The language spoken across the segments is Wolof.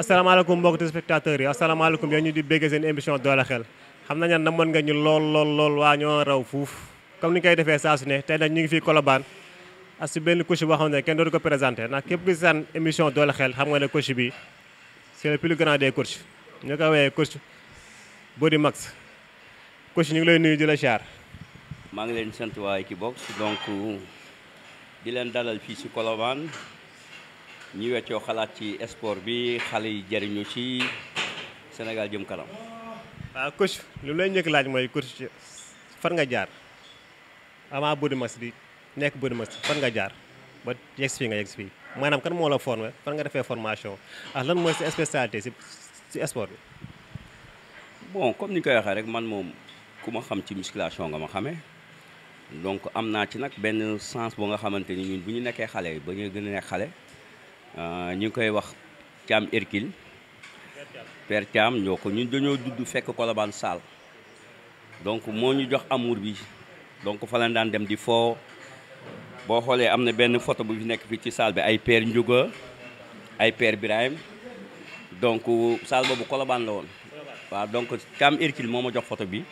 asalaamaaleykum mbokk téléspectateurs yi asalaamaaleykum yow ñu di bégg seen émission doole xel xam nañu na mën nga ñu lool lool lool waa ñoo raw fuuf comme ni kay koy defee saa su ne tey nag ñu ngi fii Colobane ak si benn coach boo xam ne kenn dootu ko présenté ndax képp ki saan émission doole xel xam nga ne coach bi c'est le plus grand des coachs ñu ko woowee coach Body Max coach ñu ngi lay nuy di la char maa ngi leen sant waa Equivox donc di leen dalal fii si Colobane ñi weccoo xalaat ci sport bi xale yi jariñu ci Sénégal jëm kanam. waaw ah, coach lu lay njëkk laaj mooy coach fan nga jaar avant Bodymax di nekk Bodymax fan nga jaar ba yegg si fii nga yegg si fii la fan nga defee formation ak ah, mooy sa spécialité si si sport bi. bon comme ni ñu koy waxee rek man moom ku ma xam ci musculation nga ma xamee donc am naa ci nag benn sens bu nga xamante ni bu ñu nekkee xale yi ba ñu gën a nekk xale. Euh, ñu ngi koy wax Thiam Hercule Père Thiam ñoo ko ñun dañoo judd fekk Colobane Sall donc moo ñu jox amour bi donc fa lañ daan dem di foo boo xoolee am na benn photo bu fi nekk fii ci salle bi ay Père Ndiouga ay Père Birahim donc salle bu Colobane la woon waaw donc Thiam Hercule moo ma jox photo bi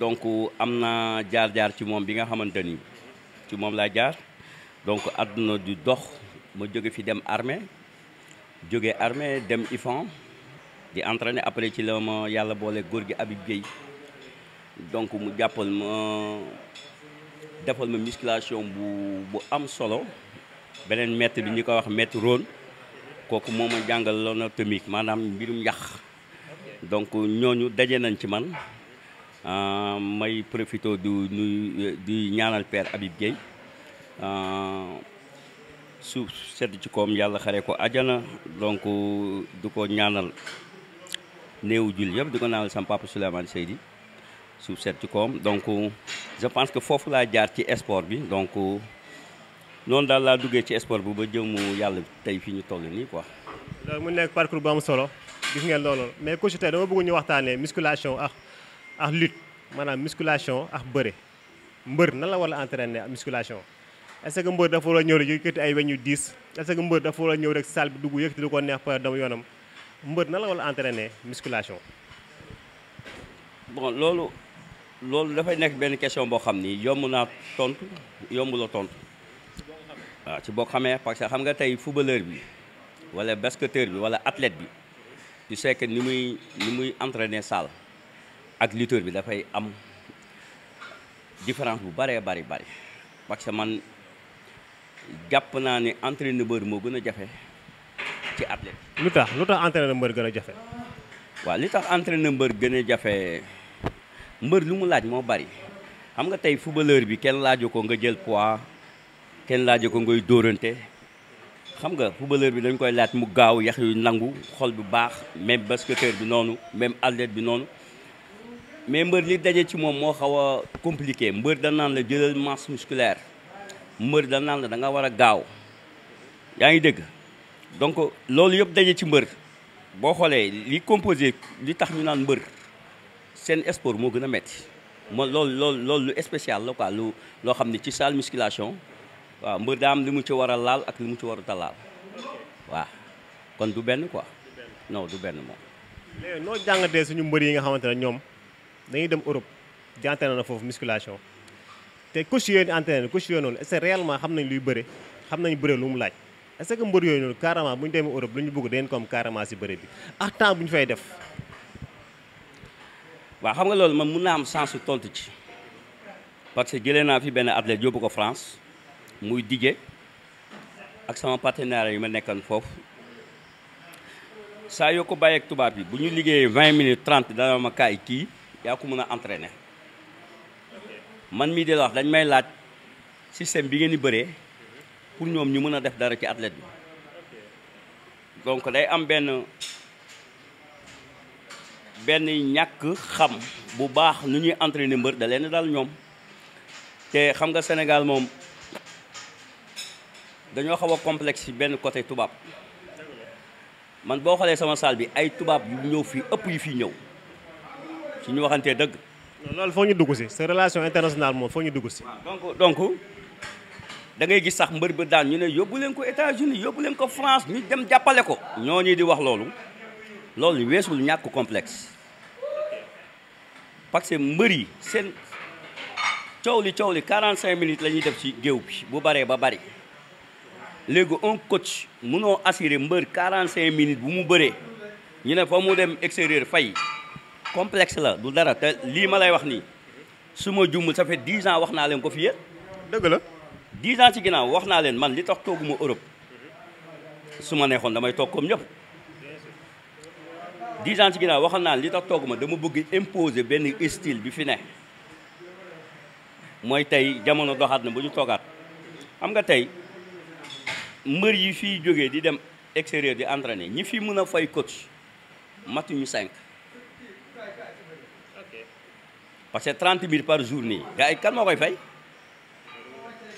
donc am na jaar-jaar ci moom bi nga xamante ni ci moom laa jaar donc àdduna di dox ma jóge fi dem armée jóge armée dem IFAN di entraîner après ci la ma yàlla boole góor gi Habib Gueye donc mu jàppal ma defal ma musculation bu bu am solo beneen maître bi ñu ko wax maître Rhone kooku moo ma jàngal l'anatomique maanaam mbirum yàq donc ñooñu daje nañ ci man ah, may profité du nuy di ñaanal père Habib Gueye ah, suuf sedd ci koom yàlla xaree ko ajana donc du ko ñaanal néewu jul yëpp du ko ñaanal sama papa Souleymane Seydi suuf sedd ci koom donc je pense que foofu laa jaar ci sport bi donc noonu daal laa duggee ci sport bi ba jëmu yàlla tey fi ñu toll nii quoi. loolu mu nekk parcours bu am solo gis ngeen loolu mais coach tey dama bëgg ñu waxtaanee musculation ak ak lutte maanaam musculation ak bëre mbër na la war a entraîner musculation. est-ce que mbër dafa war a ñëw rek yëkkati ay weñ yu diis est-ce que mbër dafa war a ñëw rek salle bi dugg yëkkati lu ko neex par dama yoonam mbër na la wala entraîner musculation. bon loolu loolu dafay nekk benn question boo xam ni yomb naa tontu yomb loo tontu waaw ci boo xamee parce que xam nga tey footballeur bi wala basketteur bi wala athlète bi tu sais ni muy ni muy entraîner salle ak lutteur bi dafay am différence bu bëree bari bëri parce man. jàpp naa ni ne entraîneur moo gën a jafe ci athlète. lu tax lu tax entraîneur mbër gën a jafe. waaw li tax entraîneur mbër gën a jafe mbër lu mu laaj moo bari xam nga tey footballeur bi kenn laaju ko nga jël poids kenn laaj ko ngay dóorante xam nga footballeur bi dañ koy laaj mu gaaw yax yu nangu xol bu baax même basketteur bi noonu même athlète bi noonu mais mbër li daje ci moom moo xaw a compliqué mbër danaan la jëlal masse musculaire. mbër da naan la da nga war a gaaw yaa ngi dégg donc loolu yëpp daje ci mbër boo xoolee li composé li tax ñu naan mbër seen sport moo gën a metti moo loolu loolu loolu lu spécial la lu loo xam ne ci salle musculation waaw mbër daa am li mu ci war a laal ak li mu ci war a laal waa kon du benn quoi non du benn moom léegi noo de suñu mbër yi nga xamante ne ñoom dañuy dem Europe jànte na na foofu musculation te coach yooyu entraîné coach yooyu noonu est ce que réellement xam nañ luy bëre xam nañ bëre lu mu laaj est ce que mbër yooyu noonu carrément bu ñu dem Europe lu ñu bëgg deen ko am carrément si bëre bi ak bu ñu fay def waaw xam nga loolu man mun naa am chance su tontu ci parce que jële naa fi benn athlète yóbbu ko France muy dige ak sama partenaire yi ma nekkoon foofu saa yoo ko bàyyeek tubaab bi bu ñu liggéeyee vingt minutes trente dana ma kaay kii yaa ko mën a entraîner man mii di wax dañ may laaj système bi ngeen di bëree pour ñoom ñu mën a def dara ci athlète bi donc day am benn benn ñàkk xam bu baax nu ñuy entraîner mbër da leen daal ñoom te xam nga Sénégal moom dañoo xaw a complexe ci benn côté tubaab man boo xoolee sama salle bi ay tubaab yu ñëw fii ëpp yi fi ñëw su ñu waxantee dëgg. loolu foo ñu dugg si sa relation internationale moom foo ñu dugg si. donk donc da ngay gis sax mbër bi daan ñu ne yóbbu ko États-Unis yóbbu leen ko France ñu dem jàppale ko. ñoo ñooñu di wax loolu loolu weesul ñàkk complexe parce que mbër yi seen coow li coow li cinq minutes la ñuy def ci géew bi bu baree ba bari léegi un coach mënoo assurer mbër cinq minutes bu mu bëree ñu ne fa mu dem extérieur fay. complexe la du dara te lii ma lay wax nii su ma juumul ça fait ans wax naa leen ko fi yéen. dëgg la 10 ans ci ginnaaw wax naa leen man li tax tooguma Europe su ma neexoon damay toog comme ñëpp. 10 ans ci ginnaaw waxoon naa li tax tooguma dama bëgg imposer benn style bi fi ne mooy tey jamono doxaat na ba ñu toogaat xam nga tey mbër yi fii jógee di dem extérieur di entraîner ñi fi mën a fay coach matuñu 5. parce que 30 000 par jour nii gars yi kan moo koy fay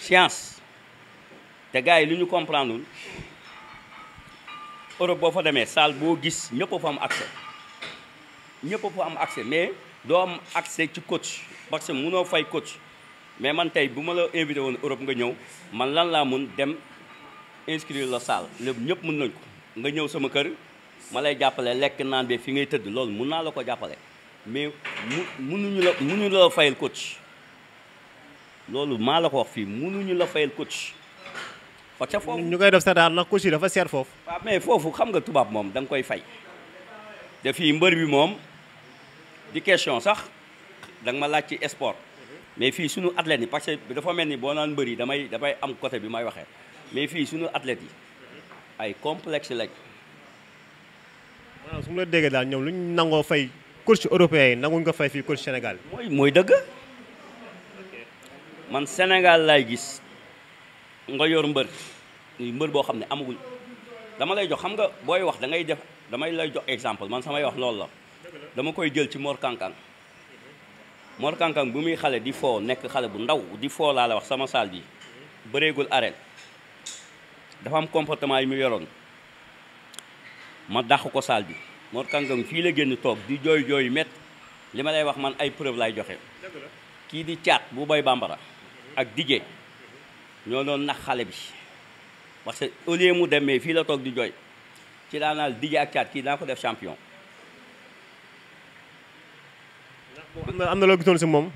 science te gars yi li ñu comprendre lul Europe boo fa demee salle boo gis ñëpp fa am accès ñëpp a fa am accès mais doo am accès ci coach parce que munoo fay coach mais man tey bu ma la invité woon Europe nga ñëw man lan laa mun dem inscrire la salle lépp ñëpp mun nañ ko nga ñëw sama kër ma lay jàppale lekk naan bi fi ngay tëdd loolu mun naa la ko jàppale mais mu munuñu la munuñu la fayal coach loolu maa la ko wax fii munuñu la fayal coach. fa ca foofu ñu koy def sa daal ndax coach yi dafa seer foofu. waaw mais foofu xam nga tubaab moom danga koy fay. te fii mbër bi moom di question sax danga ma laaj ci sport. mais fii suñu athlètes yi parce que dafa mel ni boo naan mbër yi damay damay am côté bi may waxee mais fii suñu athlètes yi ay complexe lañ. maanaam su ma la déggee daal ñoom lu ñu nangoo fay. coach européen yi nanguñ ko fay fii coach Sénégal. mooy mooy dëgg man Sénégal laay gis nga yor mbër mbër boo xam ne amagul dama lay jox xam nga booy wax da ngay def damay lay jox exemple man samay wax loolu la dama koy jël ci Mor Kankang Mor Kankang bu muy xale di foo nekk xale bu ndaw di foo laa la wax sama saal bi bëreegul arène dafa am comportement yi mu yoroon ma dàq ko saal bi. Mor Kàngam fii la génn toog di jooy jooy met li ma lay wax man ay preuve lay joxe kii di caat bu boy bambara ak dige ñoo doon nax xale bi parce que au lieu mu demee fii la toog di jooy ci daanaal dige ak caat kii daa ko def champion am na loo gisoon si moom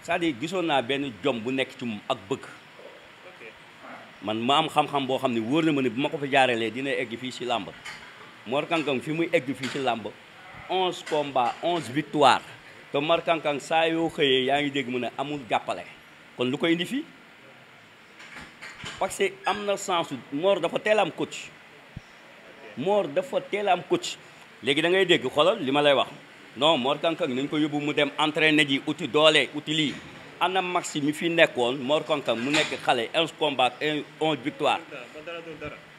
cest à gisoon naa benn jom bu nekk ci moom ak bëgg man ma am xam-xam boo xam ne wóor na ma ne bu ma ko fa jaarelee dina egg fii si làmb Mor Kankang fi muy egg fii ci làmb onze combats onze victoire te Mor Kankang saa yoo xëyee yaa ngi dégg mu ne amul jàppale kon lu ko indi fii parce que am na sens Mor dafa teel am coach Mor dafa teel am coach léegi da ngay dégg xoolal li ma lay wax non Mor Kankang nañ ko yóbbu mu dem entraîné yi uti doole uti lii ana Maxi mi fi nekkoon Mor Konkam mu nekk xale onze combat et onze victoire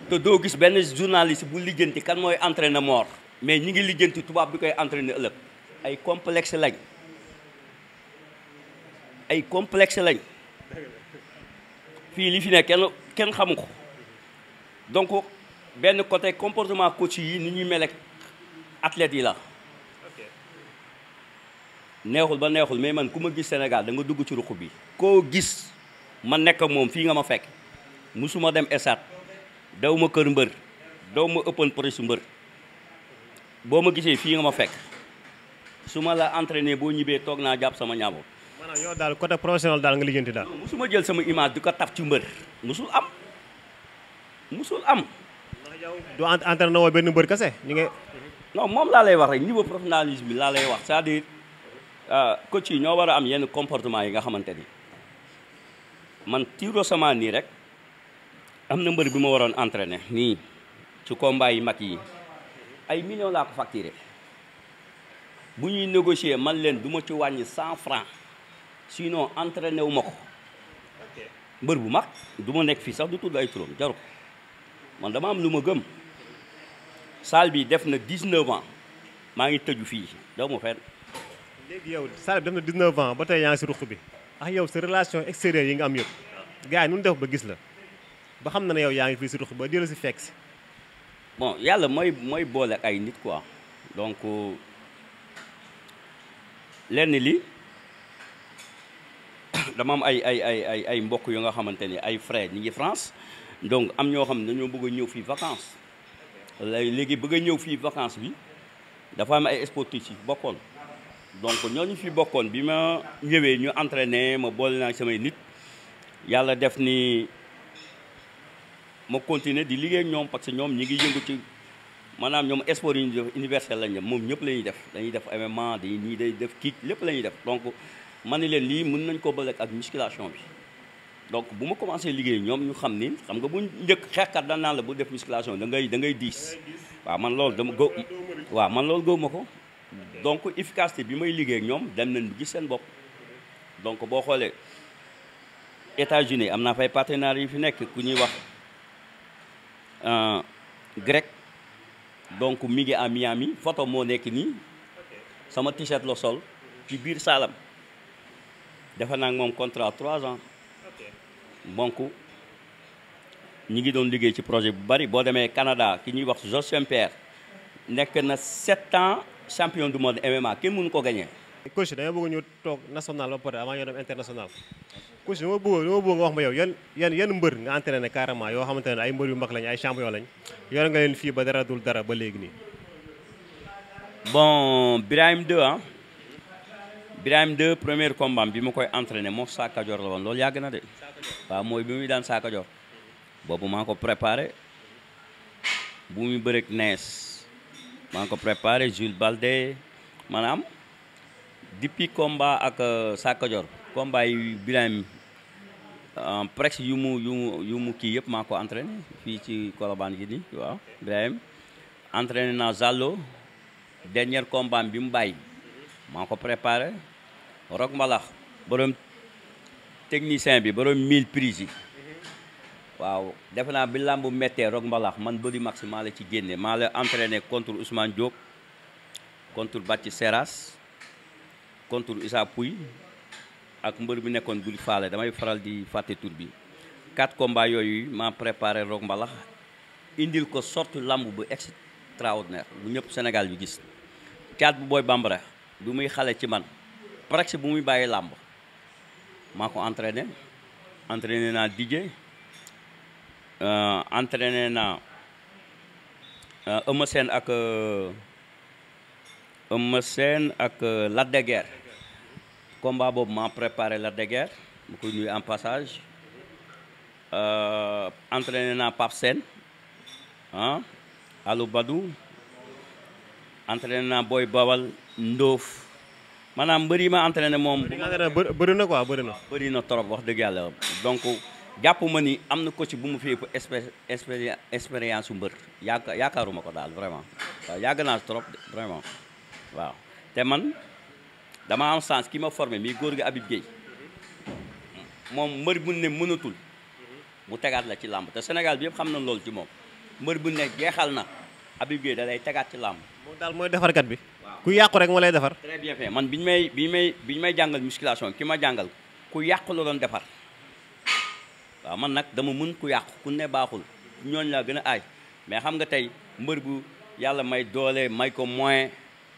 te doo gis benn journaliste bu lijjanti kan mooy entraîner Mor mais ñi ngi lijjanti tubaab bi koy entraîner ëllëg ay complexe lañ ay complexe lañ fii li fi nekk kenn kenn xamu ko donc benn côté comportement coach yi ni ñuy melek ak yi la neexul ba neexul mais man ku ma gis Sénégal da nga dugg ci ruq bi koo gis ma nekk moom fii nga ma fekk musuma dem esat daw ma kër mbër daw ma ëppan presse mbër boo ma gisee fii nga ma fekk su ma la entraîné boo ñibbee toog naa jàpp sama ñaamul maanaam yow daal côté professionnel daal nga lijjanti daal ma jël sama image du ko taf ci mbër musul am musul am ndax yow du woo benn mbër kese ñu ngi non moom laa lay wax rek niveau professionnalisme bi laa lay wax cest Euh, coach yi ñoo war a am yenn comportement yi nga xamante ni man Tiro Sama nii rek am na mbër bi ma waroon entraîner nii ci combat yi mag yi ay millions laa ko facturé bu ñuy négocier man leen du ma ci wàññi cent franc sinon entraîné wu ma ko mbër bu mag du ma nekk fii sax du tudd ay turam jaru ko man dama am lu ma gëm salle bi def na 19 ans maa ngi tëju fii daw ma fenn léegi yow Salif dem na 19 ans ba tey yaa ngi si ruq bi ak yow sa relation extérieure yi nga am yëpp gars yi nu def ba gis la ba xam na ne yow yaa ngi fii si ruq ba di la si fekk si bon yàlla mooy mooy boole ak ay nit quoi donc euh, lenn li dama am ay ay ay ay ay mbokk yu nga xamante ni ay frères ñi ngi France donc am ñoo xam ne dañoo bëgg a ñëw fii vacance léegi bëgg a ñëw fii vacances bi dafa am ay sportifs yi bokkoon donc ñooñu fi bokkoon bi ma ñëwee ñu entraîné ma boole naa samay nit yàlla def nii ma continuer di liggéey ñoom parce que ñoom ñi ngi yëngu ci manaam ñoom sport yi ñu def moom ñëpp lañuy def dañuy def MMA dañuy ñii day def kii lépp lañuy def donc ma ne leen lii mën nañ ko bële ak musculation bi donc bu ma commencé liggéey ñoom ñu xam ni xam nga bu njëkk xeexkat da naan la bu def musculation da ngay da ngay diis waaw man loolu dama gë waaw man loolu gëw ma ko donc efficacité bi may liggéey ñoom dem nañ bi gis seen bopp donc boo xoolee États-Unis am naa fay partenaires yi fi nekk ku ñuy wax euh, grec donc mi ngi à Miami photo moo nekk nii sama t-shirt la sol ci biir saalam defe naa moom contrat trois ans donc ñi ngi doon liggéey ci projet bu bari boo demee Canada ki ñuy wax Jocelyn Pierre nekk na sept ans champion du monde MMA kenn mënu ko gagné. coach dama bëgg ñu toog national ba pare avant ñoo dem international. coach dama bëgg dama nga wax ma yow yan mbër yan mbër nga entraîné carrément yoo xamante ne ay mbër yu mag lañ ay champion lañ yor nga leen fii ba dara dul dara ba léegi nii. bon Birahim 2 ah. Birahim 2 premier combat bi mu koy entraîné moo Saaka Joor la woon loolu yàgg na de. waaw mooy bi muy daan Saaka Joor. boobu maa ko préparé. bu muy bëreeg nees. maa ngi ko préparé Jules Balde maanaam depuis combat ak euh, Sakajor combat yi Birame presque yu mu yu yu mu kii yëpp maa ko entraîné fii ci Colobane gi nii waaw Birame naa Zallo dernier combat bi mu bàyyi maa ko préparé Rock Mbalax borom technicien bi borom 1000 prises yi. waaw defe naa bi làmb méttee rog mbalax man bëri max maa la ci génne maa la entraîné contre Ousmane Diop contre Bathie Seras contre Issa Pouye ak mbër bi nekkoon Guli Faale damay faral di fàtte tur bi quatre combats yooyu maa préparé rog mbalax indil ko sortu làmb bu extraordinaire bu ñëpp Sénégal bi gis caat bu booy bambara bi muy xale ci man presque bu muy bàyyi làmb maa ko entraîné entraîné naa DJ Euh, entraîné na euh, Eumeu Sène ak euh, Eumeu Sène ak la de Guiers combat boobu maa préparé Lac de Guiers mu koy nuyu en passage entraîné naa Pape Sène ah Alou Badou naa Boy Bawal Ndoof maanaam mbër yi ma entraîné moom. bëri na quoi bëri na. bëri na trop wax dëgg yàlla donc. jàpp ma ni am na coach bu mu fi expé expérience su mbër yaaka yaakaaruma ko daal vraiment yàgg naa trop vraiment waaw te man dama am sens ki ma formé mii góor gi Habib Gueye moom mbër bu ne mënatul mu tegaat la ci làmb te Sénégal bi yëpp xam na loolu ci moom mbër bu ne jeexal na Habib Gueye da lay tegaat ci làmb moom daal mooy defarkat bi ku yàqu rek moo lay defar man bi ñu may bi ñu may may jàngal musculation ki ma jàngal ku yàqu la doon defar waaw man nag dama mën ku yàqu ku ne baaxul ñooñ laa gën a aay mais xam nga tey mbër bu yàlla may doole may ko moyen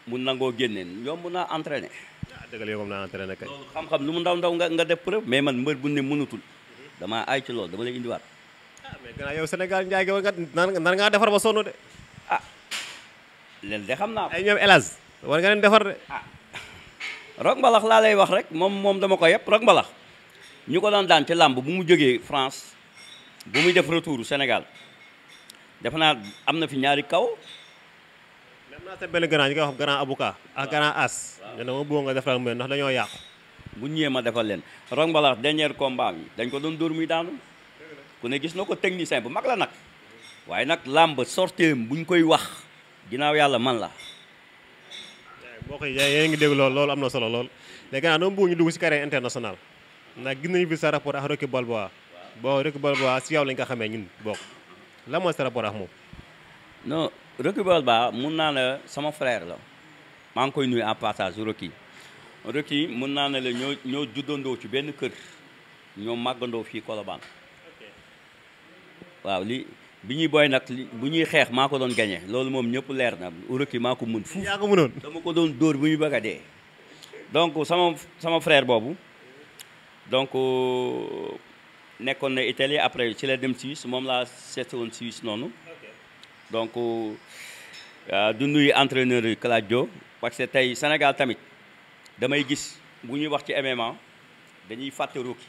mu nangoo génne yomb naa entraîné. Ah, dëgg la naa entraîné kay. xam-xam lu mu ndaw ndaw nga nga def preuve mais man mbër bu ne mënatul damaa ay ci loolu dama lay indiwaat. ah mais gannaaw yow Sénégal njaay nga nan ngaa defar ba sonn de. ah leen de xam naa. ay ñoom elage war nga leen defar de. ah Rock Mbalax laa lay wax rek moom moom dama ko yëpp Rock Mbalax. ñu ko doon daan ci làmb bu mu jógee France bu muy def retour Sénégal defe naa am na fi ñaari kaw. dem naa seen benn grand ñu koy wax grand avocat ak grand as. waaw dama bëgg nga defal mu ndax dañoo yàqu. bu ñëwee ma defal leen Rock Mbalax dernier combat dañ ko doon dóor muy daanu ku ne gis na ko technicien bu mag la nag waaye nag làmb sorteem buñ koy wax ginnaaw yàlla man la. mbokk yi yéen ngi dégg lool loolu am na solo lool léegi nag dama bëgg ñu dugg si carré international. ndax gis nañu fi sa rapport ak Rocky Balboa boo Rocky Balboa si yow lañ ko xamee ñun bokk la mooy sa rapport ak moom. non Rocky Balboa mun naa la sama frère la maa ngi koy nuyu en passage Rocky Rocky mun naa ne la ñoo ñoo juddandoo ci benn kër ñoo màggandoo fii Colobane waaw li bu ñuy booy nag bu ñuy xeex maa ko doon gañe loolu moom ñëpp leer na Rocky maa ko mën fuuf yaa ko mënoon dama ko doon dóor bu ñu bëgg dee donc sama sama frère boobu. donc euh, nekkoon na Italie après ci la dem Suisse moom laa seet woon Suisse noonu donc euh, du nuyu yu yi Claudio parce que tey Sénégal tamit damay gis bu ñuy wax ci MMA dañuy fàtte Rocky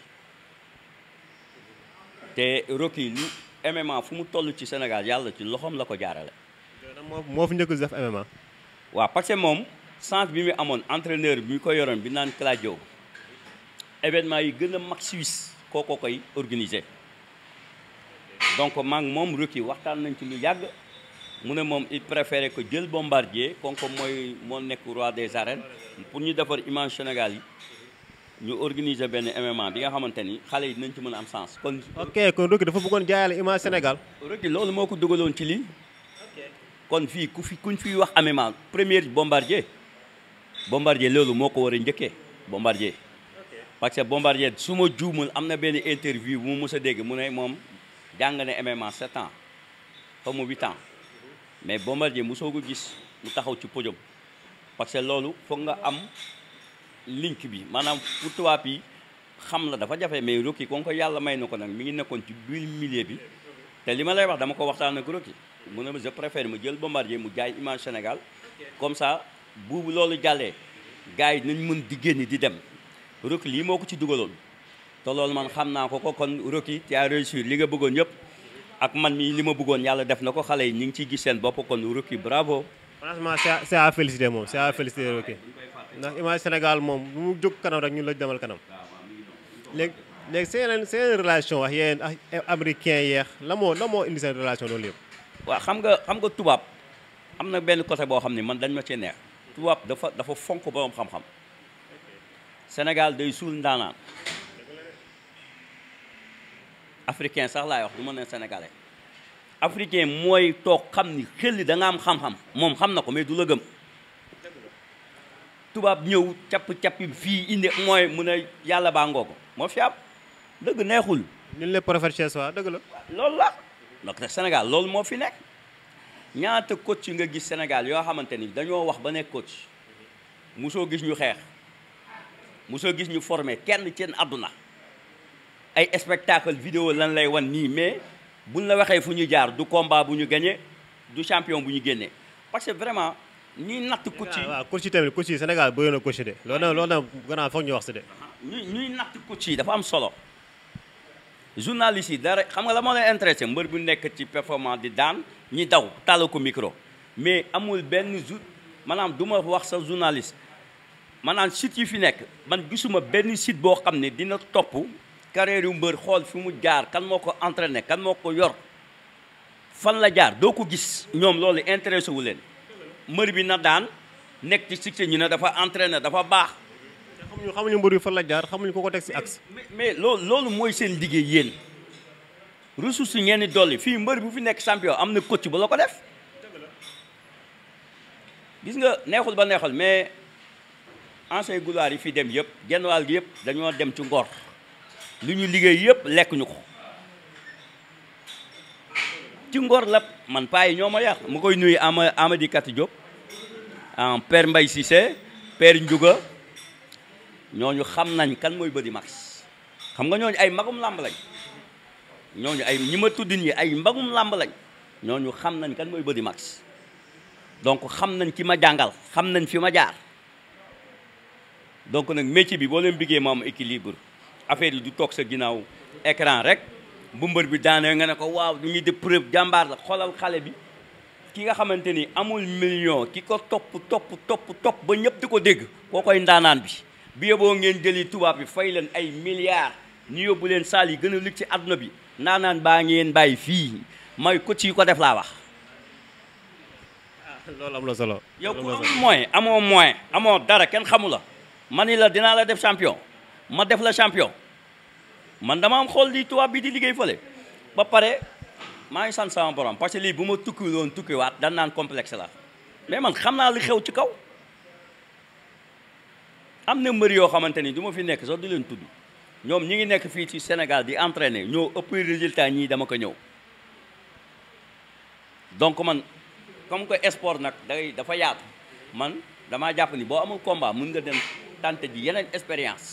te Rocky lu MMA fu mu toll ci Sénégal yàlla ci loxoom la ko jaarale. moo fi njëkk def MMA. waa parce que moom sens bi mu amoon entraîneur bi ko yoroon bi naan Claudio. événement yi gën a mag Suisse kookoo koy organisé donc maa ngi moom Rocky waxtaan nañ ci lu yàgg mu ne moom il préféré que jël bombardier kon ko mooy moo nekk roi des arènes pour ñu defar image Sénégal yi ñu organiser benn MMA bi nga xamante ni xale yi dinañ ci mën a am sens kon. ok kon Rocky dafa bëggoon jaayale image Sénégal. Rocky loolu moo ko dugaloon ci lii. kon fii ku fi kuñ fiy wax MMA première bombardier bombardier loolu moo ko war a njëkkee bombardier. parce que Bombardier su ma juumul am na benn interview bu mu mës a dégg mu ne moom jàng na MMA 7 ans xaw ma 8 ans mais Bombardier mosoo ko gis mu taxaw ci podium parce que loolu foog nga am link bi maanaam pour tubaab yi xam la dafa jafe mais Rocky kon ko yàlla may na ko nag mi ngi nekkoon ci biir milieu bi te li ma lay wax dama ko waxtaan ak Rocky mu ne ma je préfère jël Bombardier mu jaay image Sénégal comme ça bu loolu jàllee gars yi nañu mën di génn di dem. Rocky lii moo ko ci dugaloon te loolu man xam naa ko ko kon Rocky tu as réussi li nga bëggoon yëpp ak man mii li ma bëggoon yàlla def na ko xale yi ñu ngi ciy gis seen bopp kon Rocky bravo. franchement a à féliciter moom c'est à féliciter Rocky ndax image Sénégal moom bu mu jóg kanam rek ñun la demal kanam léegi léegi seen seen relation wax yéen américain yeex la moo la moo indi seen relation loolu yëpp. waa xam nga xam nga tubaab am na benn côté boo xam ne man dañ ma cee neex tubaab dafa dafa fonk borom xam Sénégal day suul ndaanaan africain sax laay wax du ma ne sénégalais africain mooy toog xam ni xel da am xam-xam moom xam na ko mais du la gëm tubaab ñëw capp-capp fii indi mooy mun a yàlla baa ngoo ko moo fi am dëgg neexul. ñun les professeurs dëgg la. loolu la donc Sénégal loolu moo fi nekk ñaata coach nga gis Sénégal yoo xamante ni dañoo wax ba nekk coach mosoo gis ñu xeex. mosoo gis ñu formé kenn seen àdduna ay spectacle vidéo lan lay wan nii mais buñ la waxee fu ñu jaar du combat bu ñu gagné du champion bu ñu génnee parce que vraiment ñuy natt ah, coach yi waaw coach Sénégal bëri na coach de loolu nag loolu nag gannaaw wax si de ñuy ñuy natt coach yi dafa am solo journaliste yi dara xam nga la moo leen intéressé mbër bu nekk ci performance di daan ñi daw tàll ko micro mais amul benn jour maanaam du ma wax sa journaliste maanaam sit yi fi nekk man gisuma benn site boo xam ne dina topp carrière yu mbër xool fi mu jaar kan moo ko entraîné kan moo ko yor fan la jaar doo ko gis ñoom loolu intéressé wu leen mbër bi na daan nekk ci seen ñi ne dafa entraîné dafa baax xamuñu xamuñu mbër bi fan la jaar xamuñu ko ko teg si axe mais loolu loolu mooy seen liggéey yéen ressource ngeen di dolli fii mbër bu fi nekk champion am na coach ba la ko def gis nga neexul ba neexul mais ancien gulaar yi fi dem yëpp genn wàll gi yëpp dañoo dem ci ngor lu ñu liggéey yëpp lekk ñu ko ci ngoor la man paa ñoo ma yàq ma koy nuyu ama Amady Kati mbay si se Cissé père Ndiouga ñooñu xam nañ kan mooy Body Max xam nga ñooñu ay mbagum làmb lañ ñooñu ay ñi ma ay magum làmb ñooñu xam nañ kan mooy Body Max donc xam nañ ki ma jàngal xam nañ fi ma jaar donc nag métier bi boo leen biggee mu am équilibre affaire yi du toog sa ginnaaw écran rek bu mbër bi daanee nga ne ko waaw du ngi def preuve jàmbaar la xoolal xale bi ki nga xamante ni amul million ki ko topp topp topp topp ba ñëpp di ko dégg koo koy ndaanaan bi bi yóbboo ngeen jëli tubaab bi fay leen ay milliards ñu yóbbu leen saal yi gën a ligg ci àdduna bi ndaanaan baa ngeen bàyyi fii may ko ci ko def laa wax ah, loolu am la solo yow ku amul moyen amoo moyen amoo dara kenn xamu la ma ni la dinaa la def champion ma def la champion man dama am xool di tubaab bi di liggéey fële ba pare maa ngi sant sama borom parce que lii bu ma tukki woon tukkiwaat dan naan complexe la mais man xam naa li xew ci kaw am na mbër yoo xamante ni du ma fi nekk sax du leen tudd ñoom ñi ngi nekk fii ci Sénégal di entraîner ñoo ëpp résultat ñii dama ko ñëw donc man comme que sport nag day dafa yaatu man damaa jàpp ni boo amul combat mën nga dem tenter ji yeneen expérience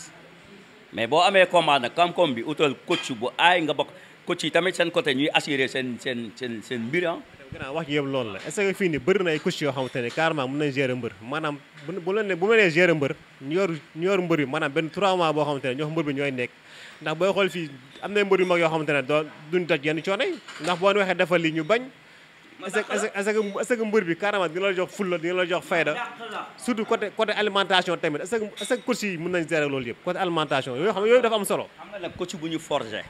mais boo amee combat nag koom-koom bi utal coach bu aay nga bokk coach yi tamit seen côté ñuy assurer seen seen seen seen mbir ah. la est-ce que fii nii bëri ne carrément mën nañ gérer mbër maanaam bu bu leen bu ma nee gérer mbër ñu yor mbër bi maanaam benn 3 mois boo xamante ne ñoo xam mbër bi ñooy nekk ndax booy xool fii am na mbër yu mag yoo xamante ne doo duñ daj yenn coono ndax boo waxee defal ñu bañ est-ce que est-ce que mbër bi carrément dina la jox fulla dina la jox fayda surtout côté côté alimentation tamit est-ce que est-ce que coach yi mën nañ gérer loolu yëpp côté alimentation yooyu xam yooyu dafa am solo xam nga nag bu ñu forger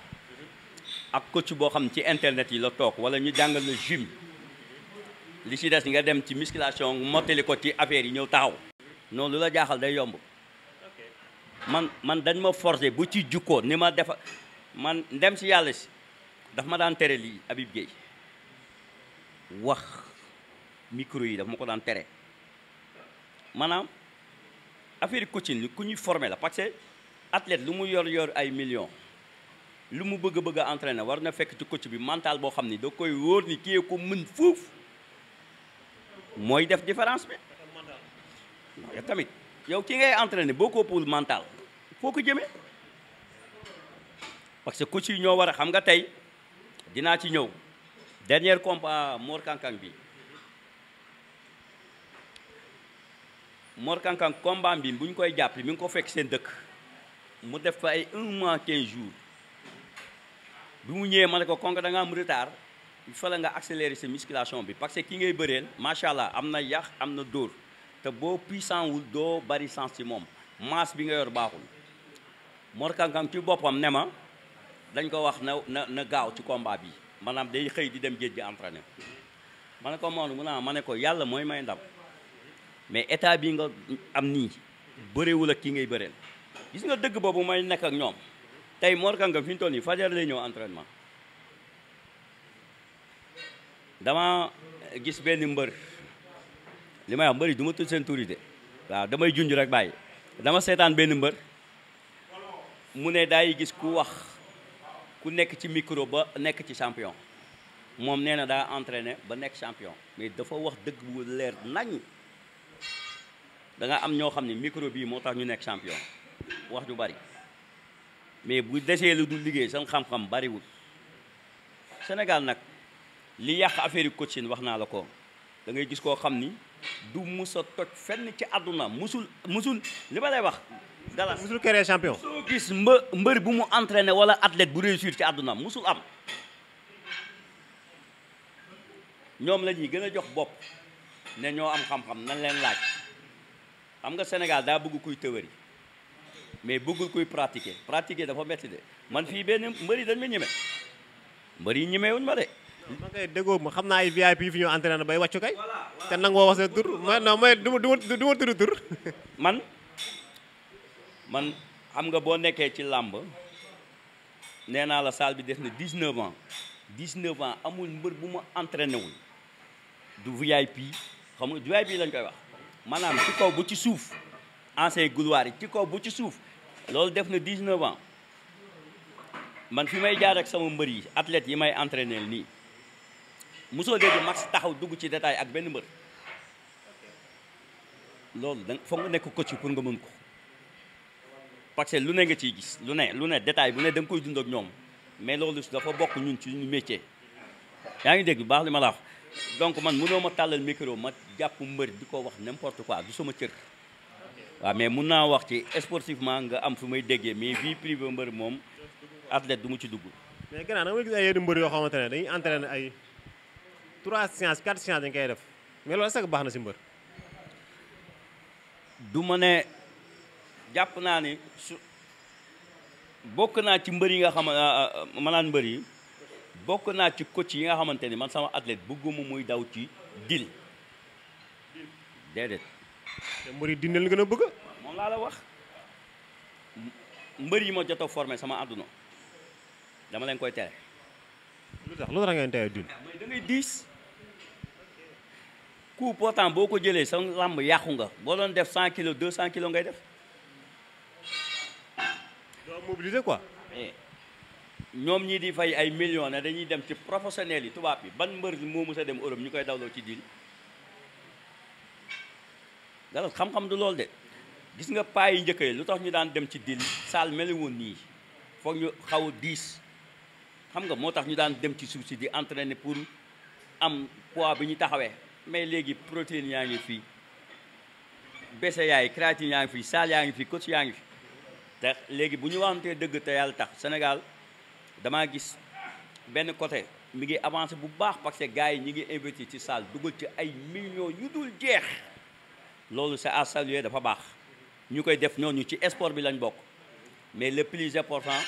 ak coté boo xam ci internet yi la toog wala ñu jàngal la gym li si des nga dem ci musculation mottali ko ci affaire yi ñëw taxaw noonu lu la jaaxal day yomb man man dañ ma forger bu ci jukkoo ni ma defa man dem si yàlla si daf ma daan tere yi Habib wax micro yi dafa ma ko daan tere maanaam affaire coaching ku ñuy forme la parce que athlète lu mu yor yor ay millions lu mu bëgg bëgg a entraîner war na fekk ci coach bi mental boo xam ni da koy wóor ni kii ko mën fuuf mooy def différence bi yow tamit ki ngay entraîner boo ko pour mental foo ko jëmee parce que coach yi ñoo war a xam nga tey dinaa ci ñëw dernier combat Mor Kankang bi Mor Kankang combat bi bu ñu koy jàppale mi ngi ko fekk seen dëkk mu def fa ay un mois quinze jours bi mu ñëwee ma ne ko kon da nga am retard il fallait nga accélérer sa musculation bi parce que ki ngay bëreel macha allah am na yàq am na dóor te boo puissant wul doo bari sens ci moom masse bi nga yor baaxul Mor Kankang ci boppam ne ma dañ ko wax na na na gaaw ci combat bi. maanaam day xëy di dem géej gi entraîné ma ne ko Maodo mu ne ma ne ko yàlla mooy may ndam mais état bii nga am nii bëriwul ak kii ngay bëreel gis nga dëgg boobu may nekk ak ñoom tey Mor Kang nga fi ñu toll nii fajar lay ñëw entraînement dama gis benn mbër li may wax mbëri du ma tudd seen tur de waaw damay junj rek bàyyi dama seetaan benn mbër mu ne daay gis ku wax ku nekk ci micro ba nekk ci champion moom nee na daa entraîné ba nekk champion mais dafa wax dëgg bu leer nañ danga am ñoo xam ne micro bii moo tax ñu nekk champion wax ju bari mais bu desee lu du liggéey seen xam-xam bariwul Sénégal nag li yàq affaire yi coaching wax naa la ko da ngay gis koo xam ni du mus a toj fenn ci àdduna musul musul li ma lay wax galas musul créer champion. soo gis mbë mbër bu mu entraîné wala athlète bu réussir ci àdduna musul am ñoom lañuy gën a jox bopp ne ñoo am xam-xam nan leen laaj xam nga Sénégal daa bëgg kuy théorie mais bëggul kuy pratiquer pratiquer dafa metti de man fii benn mbëri yi dañ ma ñeme mbër yi ñemewuñ ma de. ma ngay déggoo ma xam naa ay VIP yu fi ñoo entraîné bay wàccu kay. te nangoo wax sa tur ma non mooy du ma du ma du ma tur. man. man xam nga boo nekkee ci làmb nee naa la salle bi def na 19 ans 19 ans amul mbër bu ma entraîné wul du VIP xam nga du VIP lañ koy wax maanaam ci kaw bu ci suuf ancien gloire yi ci kaw bu ci suuf loolu def na 19 ans man fi may jaar ak sama mbër yi athlètes yi may entraîné nii mosoo dégg max taxaw dugg ci détail ak benn mbër loolu da foog nga nekk ko ci pour nga mën ko. parce que lu ne nga ciy gis lu ne lu ne détail bu ne da nga koy dund ak ñoom mais loolu dafa bokk ñun ci ñu métier. yaa ngi dégg bu baax li ma la donc man mënoo ma tàllal micro ma jàpp mbër di ko wax n'importe quoi du sama cër. waaw mais mun naa wax ci sportivement nga am fu may déggee mais vie privée mbër moom athlète du mu ci dugg. mais gannaaw da nga gis ay yenn mbër yoo xamante ne dañuy na ay 3 séances 4 séances dañ koy def mais loolu baax na si mbër. jàpp naa ne su bokk naa ci mbër yi nga xam ah, ah, manaan mbër yi bokk naa ci coach yi nga xamante ni man sama athlète bëgguma muy daw ci dil déedéet te mbër yi dindal gën a bëgg moom laa la wax mbër yi ma jot a formé sama àdduna dama leen koy tere lu tax lu tax ngeen tere dil mais da ngay diis coup boo ko jëlee sa làmb yàqu nga boo doon def cent kilo kilos cent kilos ngay def mobiliser quoi. ñoom ñii di fay ay millions ne dañuy dem ci professionnels yi tubaab bi ban mbër moo mës a dem Europe ñu koy dawloo ci diin dara xam-xam du loolu de gis nga paa yi njëkk yi lu tax ñu daan dem ci dil saal meli nii foog ñu xaw diis xam nga moo tax ñu daan dem ci suuf si di ne pour am poids bi ñu taxawee mais léegi protéine yaa ngi fii bese yaay créatine yaa ngi fii saal yaa ngi fii coach yaa ngi fi te léegi bu ñu waxantee dëgg te yàlla tax Sénégal damaa gis benn côté mi ngi avancé bu baax parce que gars yi ñi ngi investi ci salle dugal ci ay millions yu dul jeex loolu c'est à saluer dafa baax ñu koy def ñooñu ci sport bi lañ bokk mais le plus important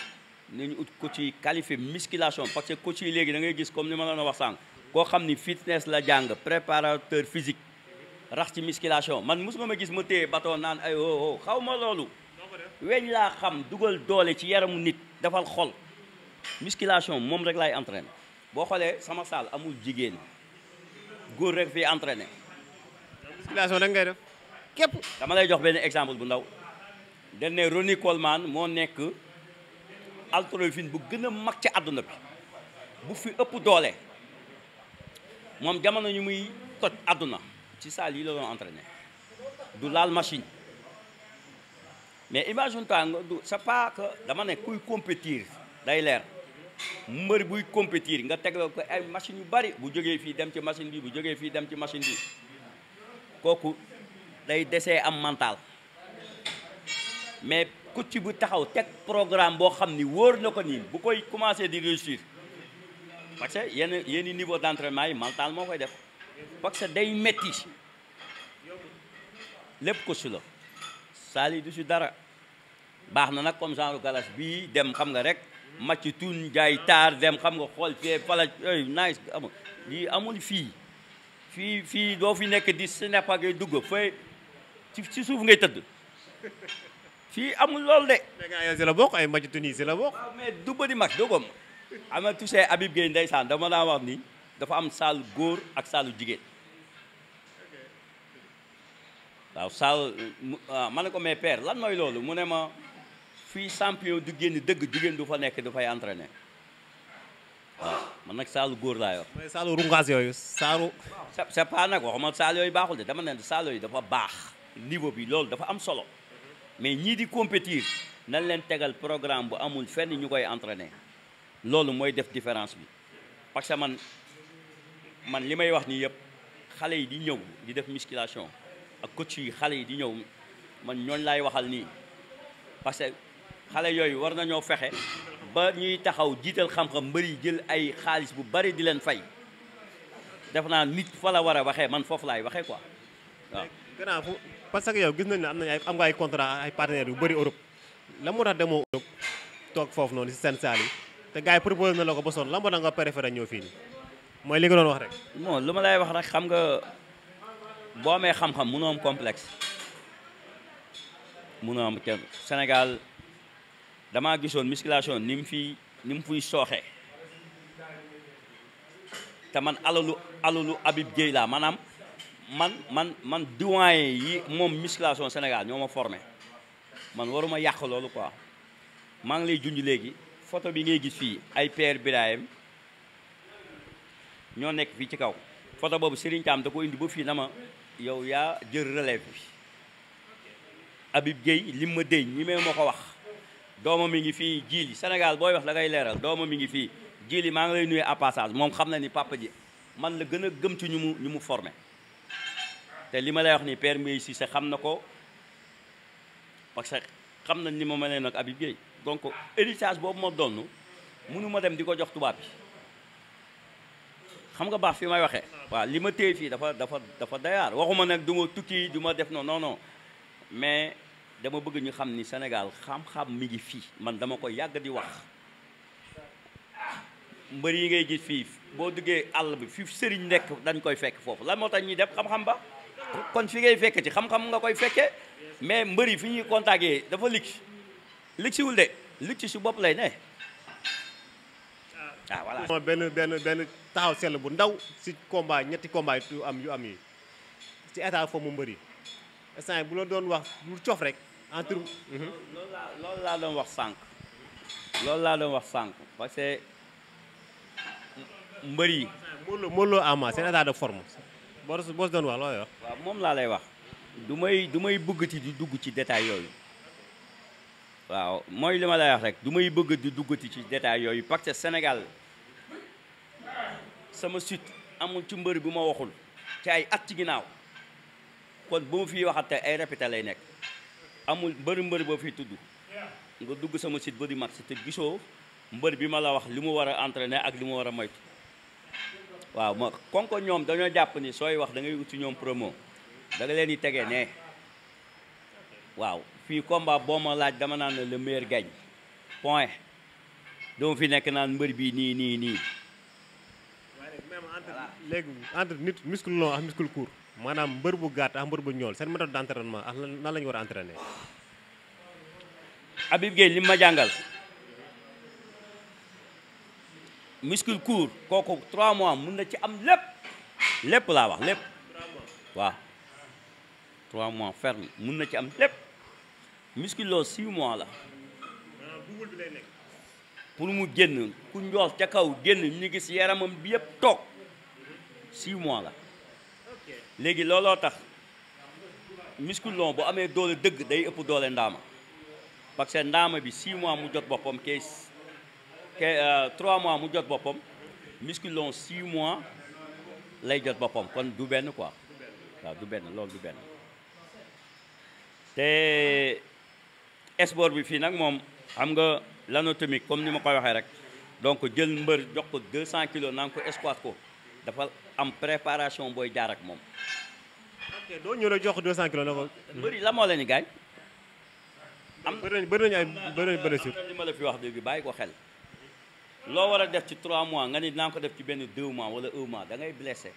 nañu ut ko ci qualifié musculation parce que coach yi léegi da ngay gis comme ni ma la wax sànq koo xam ni fitness la jàng préparateur physique rax ci misculation man mos nga ma gis ma téye bato naan oh, oh, xaw ma loolu weñ laa xam dugal doole ci yaramu nit defal xol musculation moom rek laay entraîné boo xoolee sama salle amul jigéen góor rek fii entraîné. musculation rek ngay def képp. dama lay jox benn exemple bu ndaw dañ ne Ronnie Coleman moo nekk haltérophile bu gën a mag ci àdduna bi bu fi ëpp doole moom jamono ñu muy toj àdduna ci salle yi la doon entraîné du laal machine. mais imagine toi du c'est pas que dama ne kuy compétir day leer mbër buy compétir nga teg ko ay machine yu bari bu jógee fii dem ci machine bii bu jógee fii dem ci machine bi kooku day desee am mental mais coach bu taxaw teg programme boo xam ni wóor na ko nii bu koy commencer di réussir parce que yenn yenn niveau d'entraînement yi mental moo koy def parce que day metti lépp coach la saali du si dara baax na nag comme genre galas bii dem xam nga rek macc tun jaay taar dem xam nga xool fee fala nice amul fii fii fii doo fi nekk di sinepa ngay dugg fay ci suuf ngay tëdd fii amul lool de. mais si la bokk ay macc mag dogom am na touché Habib Gueye ndeysaan dama daa wax ni dafa am saal góor ak saalu jigéen waaw saal ah, ma ne ko mais père lan mooy loolu mu ne ma fii champion du génn dëgg jigéen du fa nekk du fay entraîné waaw man nag saalu góor laa yor. mais saalu rungaas yooyu saalu. sa pas nag waxuma saal yooyu baaxul de dama ne saal yooyu dafa baax niveau bi loolu dafa am solo mais ñii di compétir nañ leen tegal programme bu amul fenn ñu koy entraîné loolu mooy def différence bi parce que man man li may wax nii yëpp xale yi di ñëw di def musculation ak coach yi xale yi di ñëw man ñooñ lay waxal nii xale yooyu war nañoo fexe ba ñuy taxaw jiital xam-xam mbëri jël ay xaalis bu bari di leen fay def naa nit fa la war a waxee man foofu laay waxee ko waaw. gannaaw que yow gis nañ ne am nañ ay am nga ay contrat ay partenaires yu bari Europe la mu tax demoo Europe toog foofu noonu si seen saal yi te gars yi proposé na la ko ba sonn la moo tax nga préféré ñëw fii nii mooy li nga doon wax rek. moo lu ma lay wax rek xam nga boo amee xam-xam mënoo am complexe mënoo am kenn Sénégal. damaa gisoon musculation ni mu fi ni mu fuy sooxe te man alalu alalu Habib Guèye laa maanaam man man man doyen yi moom musculation Sénégal ñoo ma formé man waruma yàq loolu ko maa ngi lay junj léegi photo bi ngay gis fii ay Père Birahim ñoo nekk fii ci kaw photo boobu Serigne Thiam da ko indi ba fii na ma yow yaa jël relève bi Habib Guèye li ma déy ñi mee ma ko wax dooma mi ngi fii jili Sénégal booy wax dangay ngay leeral dooma mi ngi fii jili maa ngi lay nuyu à moom xam na ni papa man la gën a gëm ci ñu mu ñu mu formé te li ma lay wax nii père Mbaye sa xam na ko parce que xam na ni ma ma leen ak Habib Gueye donc héritage boobu ma donn mënu ma dem di ko jox tubaab bi xam nga baax fi may waxee waaw li ma téye fii dafa dafa dafa dayaar waxuma nag du ma tukki du ma def non noonu non mais dama bëgg ñu xam ni senegal xam-xam mi ngi fii man dama ko yàgg di wax mbër yi ngay gis fii boo duggee àll bi fi sëriñ nekk dañ koy fekk foofu lan moo tax ñuy def xam-xam ba kon fi ngay fekk ci xam-xam nga koy fekkee mais mbër yi fi ñuy contacté dafa ligg ligg siwul de ligg si si bopp lay ne ah voilà. benn benn benn taxaw sell bu ndaw si combat ñetti combat yu am yu am yi si état foofu mu mbër yi instant bu la doon wax lu coof rek. en tout loolu laa loolu doon wax sànq loolu laa doon wax sànq parce que mbër yi Modou Lô Modou Lô Ama seen état de forme boo boo doon wax looy wax waaw moom laa lay wax du may du may bëgg di dugg ci détail yooyu waaw mooy li ma lay wax rek du may bëgg di duggati ci détail yooyu parce que Sénégal sama sit amul ci mbër bi ma waxul ci ay at ci ginnaaw kon bu mu fiy waxat te ay répété lay nekk amul mbëri mbëri boo fi tudd nga dugg sama site ba di match te gisoo mbër bi ma la wax li mu war a entraîner ak li mu war a moytu waaw ma kon ñoom dañoo jàpp ni sooy wax da ngay ut ci ñoom promo da leen di tege ne waaw fii combat boo ma laaj dama naan le meilleur gagne point doomu fi nekk naan mbër bi nii nii nii. waaye nag même entre léegi entre nit muscle long ak muscle court. maanaam mbër bu gàtt ak mbër bu ñool seen méthode d'entraînement ak nan la ñu war a entraîner. Habib Gueye li ma jàngal muscle court kooku trois mois mun na ci am lépp lépp laa wax lépp waaw mois ferme mun na ci am lépp muscle loo mois la pour mu génn ku njool ca kaw génn ñu gis yaramam bi yëpp toog 6 mois la. léegi looloo tax musculon bu amee doole dëgg day ëpp doole ndaama parce que ndaama bi 6 mois mu jot boppam kay kay 3 mois mu jot boppam musculon 6 mois lay jot boppam kon du benn quoi waaw du benn lool du benn te sport bi fii nag moom xam nga l'anatomique comme ni ma koy waxee rek donc jël mbër jox ko 200 kilos naan ko squat ko dafa am préparation booy jaar ak moom. ok doo ñëw rek jox ko 200 kilos la ko. bëri la moo gaañ. am bëri bëri nañu ay bëri blessure li ma la fi wax bi bàyyi ko xel. loo war a def ci 3 mois nga ni dinaa ko def ci benn 2 mois wala 1 mois da ngay blessé.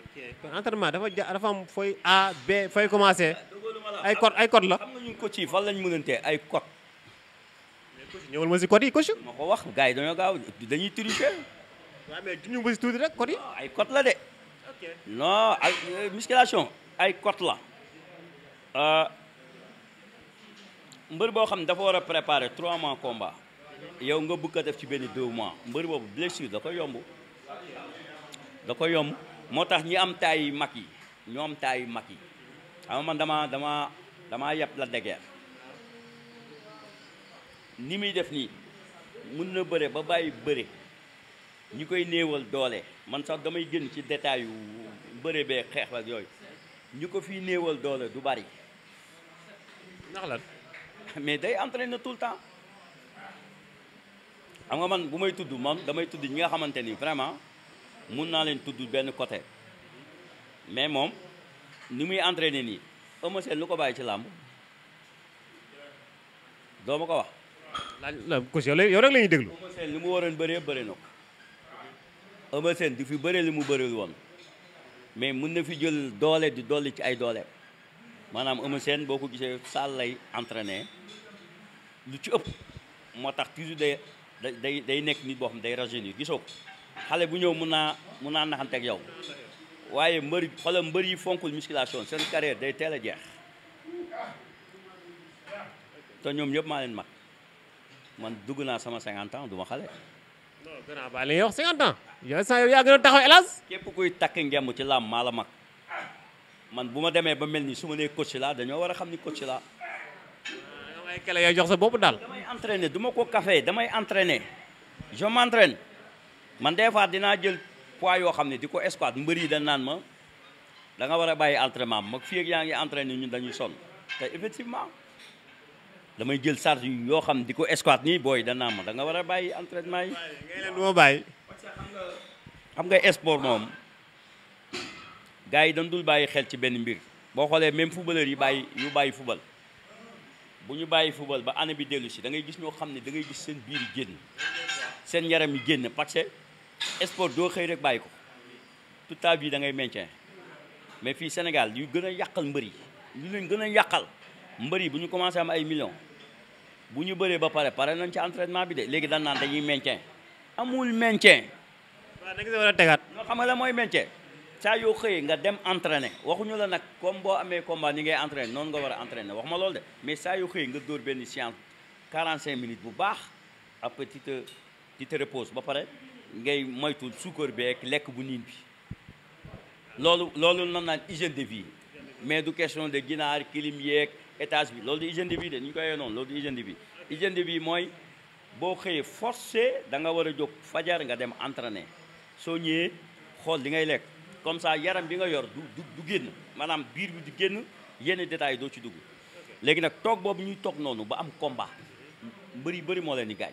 ok kon entraînement dafa ja dafa am fooy A B fooy commencé. Ah, ay code ay code la. am na ñun coach yi fan lañ mënantee ay code. ñëwal ma si code yi coach. ma ko wax gars yi dañoo gaaw dañuy tricher. waaw mais juñu ba si tuuti rek code yi. Ah, ay code la de. ok non ay euh, musculation ay euh, mbër boo xam ne dafa war a préparer trois mois combat yow nga bëgg a def ci benn deux mois mbër boobu blessure da ko yomb da ko yomb moo tax ñi am taay mag yi ñoo am taay yu mag yi xam man dama dama dama yàpp la degeer ni muy def nii mun na bëre ba bàyyi bëre ñi koy néewal doole man sax damay génn ci détail yu bëre bee xeex ak yooyu ñu ko fii néewal doole du bari ndax lan mais day entraîner tout le temps xam nga man bu may tudd man damay tudd ñi nga xamante ni vraiment mun naa leen tudd benn côté mais moom ni muy entraîner nii Eumeu Sène lu ko bàyyi ci làmb doo ma ko wax. laaj la yow rek la ñuy déglu. Eumeu Sène li mu waroon bëree na ko Eumeu Sène du fi bëre li mu bëril woon mais mun na fi jël doole di dolli ci ay doole maanaam Eumeu seen boo ko gisee saal lay entraîné lu ci ëpp moo tax toujours day day day nekk nit boo xam day rajeunir gisoo ko xale bu ñëw mun naa mun naa naxante ak yow waaye mbëri xoolal mbër yi fonkul musculation seen carrière day teel a jeex te ñoom ñëpp maa leen mag man dugg naa sama 50 ans du ma xale. non grand ba li nga wax 50 ans. yow sax yow yaa gën a taxaw hélas. képp kuy takk ngemb ci làmb maa la mag man bu ma demee ba mel ni su ma nee coach laa dañoo war a xam ni coach laa. damay kele yow jox sa bopp daal. damay entraîner duma ko café damay entraîner. je m'entraîne man des fois dinaa jël poids yoo xam ne di ko squat mbër yi dañ naan ma danga nga war a bàyyi entraînement mag fii ak yaa ngi entraîner ñun dañuy sonn te effectivement. damay jël charge yoo xam di ko escouade nii booy danaa ma da war a bàyyi entraînement yi. ngay leen du bàyyi. xam ngay sport moom gaa yi dañ dul bàyyi xel ci benn mbir boo xoolee même footballeur yi bàyyi yu bàyyi football bu ñu bàyyi football ba année bi dellu si da ngay gis ñoo xam ne da ngay gis seen biir yi génn seen yaram yi génn parce que sport doo xëy rek bàyyi ko tout à bi da ngay maintien mais fii Sénégal yu gën a yàqal mbër yi lu leen gën a yàqal mbër yi bu ñu commencé am ay millions bu ñu bëree ba pare pare nañ ci entraînement bi de léegi dañ naan dañuy maintien amul maintien. waaw da nga see war a tegaat. ñoo xam la mooy maintien saa yoo xëyee nga dem entraîner waxuñu la nag comme boo amee combat ni ngay entraîner noonu nga war a entraîner wax ma lool de mais saa yoo nga dóor benn séance 45 minutes bu baax après tu te tu ba pare ngay moytu suukar bi lekk bu niin bi loolu loolu noonu naan hygiène de vie mais du question de ginaar kilim yeeg. étage bi loolu di hygiène de vie de ñu koy noonu loolu di hygiène de vie hygiène de vie mooy boo xëyee force danga war a jóg fajar nga dem entraîner soo ñëwee xool li ngay lekk comme saa yaram bi nga yor du du génn maanaam biir bi du génn yenn yi doo ci dugg léegi nag toog boobu ñuy toog noonu ba am combat mbëri bëri moo leen di gaañ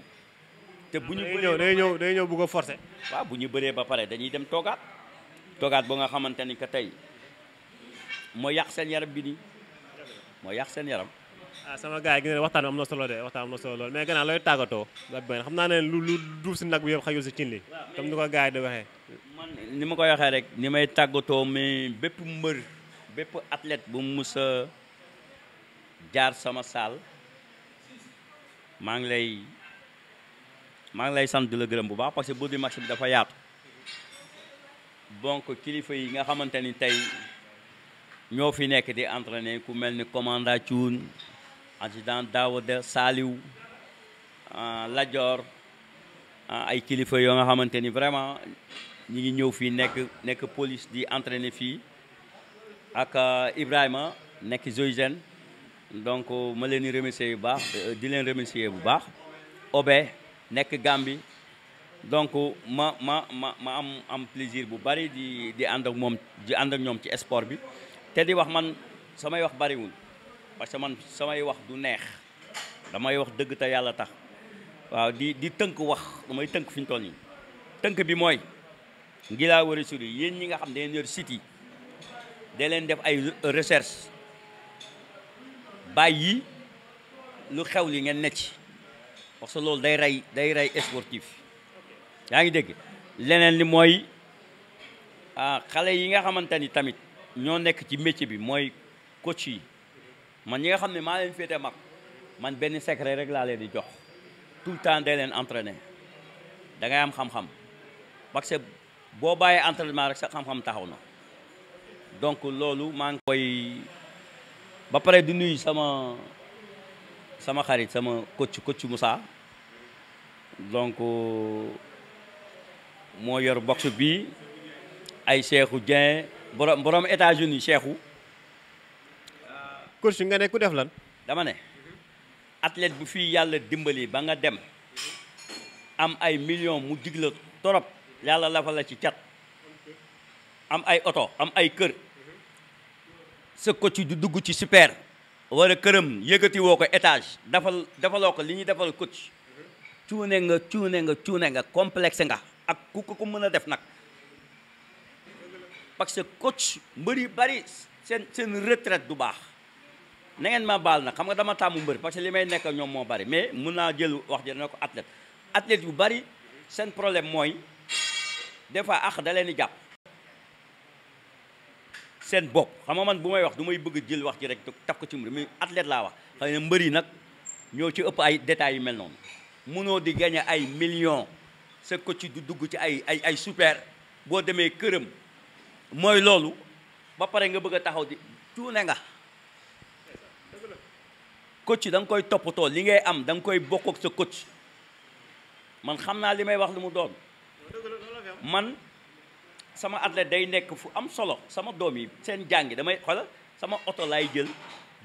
te bu ñu bëree ñëw day ñëw bu ko forcé waaw bu ñu bëree ba pare dañuy dem toogaat toogaat boo nga xamante ni que tey moo yàq seen yaram bi nii mooy yàq seen yaram. ah sama gars yi gis waxtaan bi solo de waxtaan am na solo lool mais gannaaw looy tàggatoo. waaw xam naa ne lu lu duuf si nag bi yëpp xajul si cin li comme ni ko gars yi di waxee. man ni ma koy waxee rek ni may tàggatoo mais bépp mbër bépp athlète bu mu mus a jaar sama saal maa ngi lay maa ngi lay sant di la gërëm bu baax parce que bu di match bi dafa yaatu donc kilifa yi nga xamante tey ñoo fi nekk di entraîner ku mel ni commandant Thioune adjudant Daouda Saliou ah, Lajor ah, ay kilifa yoo nga xamante ni vraiment ñi ngi ñëw fii nekk nekk police di entraîner fii ak ah, Ibrahima nekk Zoyzen donc euh, ma leen di remercier bu baax euh, di leen remercier bu baax Obé nekk Gambie donc euh, ma ma ma ma am am plaisir bu bari di di ànd ak moom di ànd ak ñoom ci sport bi te di wax man samay wax bariwul parce que man samay wax du neex damay wax dëgg te yàlla tax waaw di di tënk wax damay tënk fi ñu toll nii tënk bi mooy Ngila Wari Suri yéen ñi nga xam ne yor site yi da leen def ay recherche bàyyi lu xew li ngeen ne ci parce que loolu day rey day rey sportif yaa ngi dégg leneen li mooy ah, xale yi nga xamante ni tamit ñoo nekk ci métier bi mooy coach yi man ñi nga xam ne maa leen féete mag man benn secret rek laa leen di jox tout le temps day leen entraîner da ngay am xam-xam parce que boo bàyyee entraînement rek sa xam-xam taxaw na donc loolu maa ngi koy ba pare di nuyu sama sama xarit sama coach coach Moussa donc euh, moo yor boxe bi ay Cheikhou Dieng borom borom États-Unis Cheikhou. Euh, coach nga ne ku def lan. dama ne athlète bu fii yàlla dimbali ba nga dem am ay millions mu digla torop yàlla lafa ci cat am ay oto am ay kër sa coach du dugg ci super. wara këram yëkkati ko étage dafal dafaloo ko li ñuy defal coach. cuune nga cuune nga cuune nga complexe nga ak ku ko mën a def nag. parce que coach mbër yi bari seen seen retraite du baax na ngeen ma baal nag xam nga dama tàmmu mbër parce que li may nekk ñoom moo bari mais mun naa jël wax ji na ko athlète athlète yu bari seen problème mooy des fois ax da leen di jàpp seen bopp xam nga man bu may wax du may bëgg jël wax ji rek taf ko ci mbir mi athlète laa wax xëy na mbër yi nag ñoo ci ëpp ay détails yu mel noonu munoo di gagné ay millions sa coach du dugg ci ay ay ay super boo demee këram mooy loolu ba pare nga bëgg a taxaw di cuune nga coach da nga koy toppatoo li ngay am da nga koy bokk ak sa coach man xam naa li may wax lu mu doon man sama athlète day nekk fu am solo sama doom yi seen jàngi damay xoolal sama oto laay jël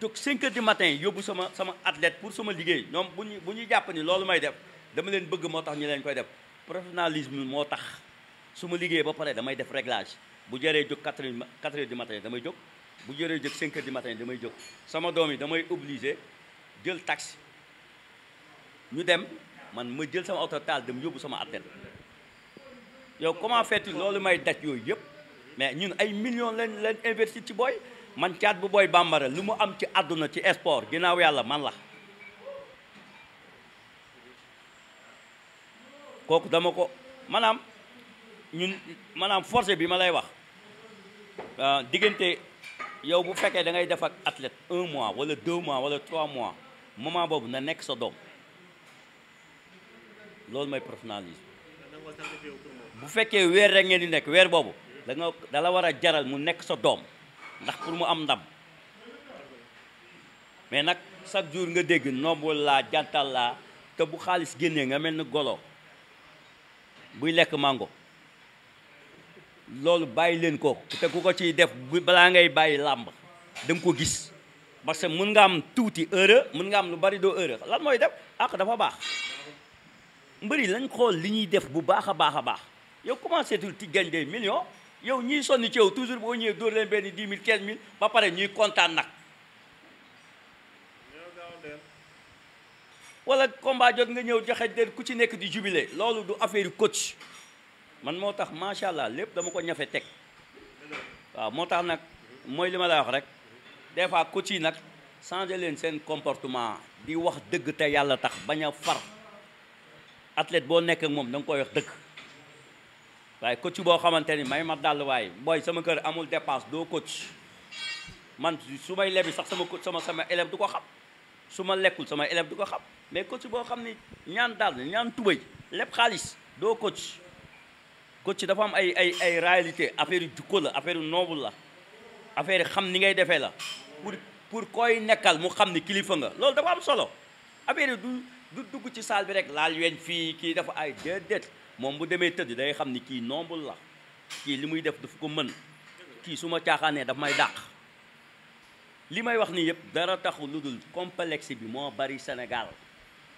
donc 5 heures du matin yóbbu sama sama athlète pour sama liggéey ñoom bu ñu bu ñuy jàpp ni loolu may def dama leen bëgg moo tax ñu leen koy def professionnalisme moo tax su ma liggéey ba pare damay def réglage bu jëree jóg quatre heures quatre heures du matin damay jóg bu jëree jóg cinq di du matin damay jóg sama doom yi damay obligé jël taxi ñu dem man ma jël sama oto taal dem yóbbu sama appel yow comment fais-tu loolu may daj yooyu yëpp mais ñun ay million leen leen investir ci booy man caat bu booy bambara lu mu am ci àdduna ci sport ginnaaw yàlla man la kooku dama ko maanaam ñun maanaam forcé bi ma lay wax Euh, diggante yow bu fekkee da ngay def ak athlète un mois wala deux mois wala trois mois moment boobu na nekk sa doom loolu mooy professionnalisme bu fekkee weer rek ngeen di nekk weer boobu danga dala war a jaral mu nekk sa doom ndax pour mu am ndam mais nag chaque jour nga dégg nombul laa jantal laa te bu xaalis génnee nga mel ni golo buy lekk mango loolu bàyyi leen ko te ku ko ciy def balaa ngay bàyyi làmb danga ko gis parce que mun nga am tuuti heure mën nga am lu bari doo heure lan mooy def ak dafa baax mbëri lañ xool li ñuy def bu baax a baax a baax yow commencé tul ci gagne million yow ñiy sonn ci yow toujours boo ñëwee dóor leen benn dix mille quinze mille ba pare ñuy kontaan nag wala combat jot nga ñëw joxe der ku ci nekk di jubilé loolu du affaire coach man moo tax macha allah lépp dama ko ñafe teg waaw moo tax nag mooy li ma la wax rek des fois ku ci nag changé leen seen comportement di wax dëgg te yàlla tax bañ a far athlète boo nekk ak moom da nga koy wax dëgg waaye coach boo xamante ni may ma dàll waaye booy sama kër amul dépense doo coach man su may lebi sax sama sama sama élève du ko xam su ma lekkul sama élève du ko xam mais coach boo xam ni ñaan daal ñaan tubay lépp xaalis doo coach coach dafa am ay ay ay réalité affaire yu jukko la affaire yu la affaire xam ni ngay defee la pour pour koy nekkal mu xam ni kilifa nga loolu dafa am solo affaire du dugg ci saal bi rek laal weñ fii kii dafa ay déedéet moom bu demee tëdd day xam ni kii noble la kii li muy def dafa ko mën kii suma ma caaxaanee daf may dàq li may wax nii yëpp dara taxu lu dul complexe bi moo bari Sénégal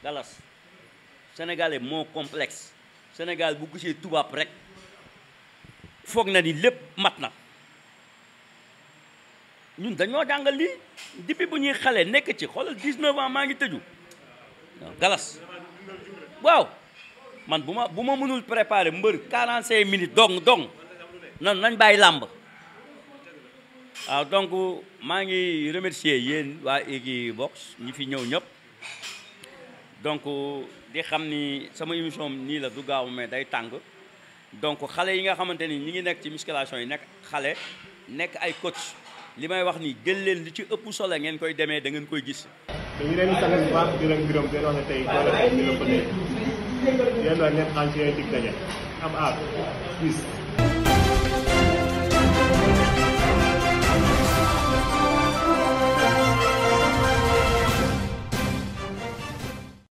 galas sénégalais moo complexe Sénégal bu gisee tubaab rek foog na ni lépp mat na ñun dañoo jàngal lii depuis bu ñuy xale nekk ci xoolal 19 ans maa ngi tëju galas waaw man bu ma bu ma mënul préparer mbër 45 minutes dong dong nan nañ bàyyi làmb waaw donc maa ngi remercier yéen waa Equivox ñi fi ñëw ñëpp donc di xam ni sama émission nii la du gaaw mais day tàng donc xale yi nga xamante ni ñu ngi nekk ci musculation yi nekk xale nekk ay coach li may wax ni jël leen li ci ëpp solo ngeen koy demee da ngeen koy gis. dañu leen di sant bu baax ne tey doole ay ñu la ko a am aar